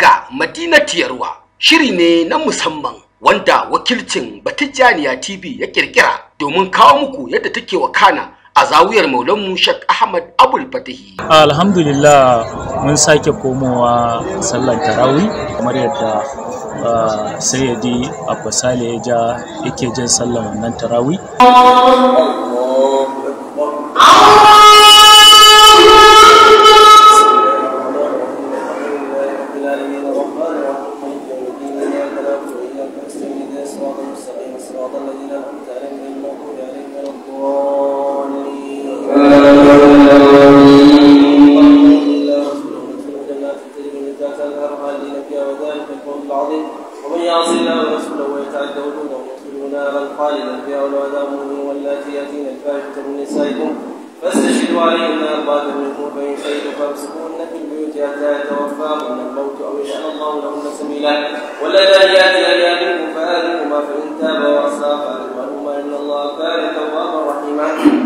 daga madinatiyarwa shiri ne na musamman wanda wakilcin batijjaniya tv ya kirkira domin kawo muku yadda take wakana a zawiyar maulanmu shek ahmad abul fatihi alhamdulillah mun sake komowa sallan tarawi kamar yadda ah, Sayyidi abbasale ya ja yake jan sallan wannan tarawi قال الأنبياء والعذاب منهم واللاتي يأتين الفاحشة من نسائكم فاستشهدوا عليهن أربعة منكم فإن شهدوا فامسكوهن في البيوت حتى يتوفاهن الموت أو يجعل الله لهن سبيلا واللذان يأتي منكم فآذوهما فإن تابا وأصلحا فأذوهما إن الله كان توابا رحيما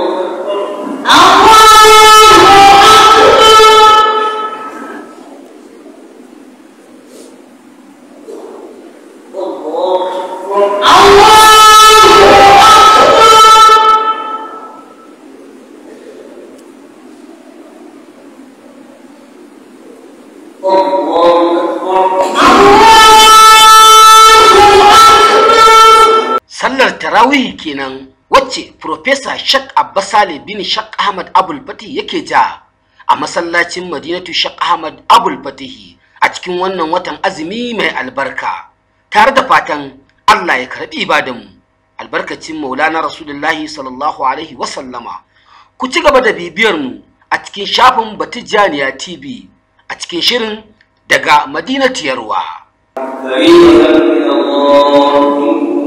rawi kenan wacce Profesa Shak Abba Sale bin Shak Ahmad Abul Fatih yake ja a masallacin Madinatu Shak Ahmad Abul Fatih a cikin wannan watan azumi mai albarka tare da fatan Allah ya karbi mu, albarkacin Maulana Rasulullahi sallallahu alaihi sallama ku ci gaba da bibiyar mu a cikin shafin Batijaniya TV a cikin shirin daga Madinatu Yarwa.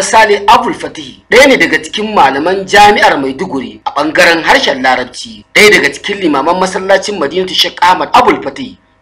Sale Abul Fatihi ɗaya ne daga cikin malaman jami'ar Maiduguri a ɓangaren harshen Larabci ɗaya daga cikin limaman masallacin Madinatu Sheikh Ahmad Abul Fatihi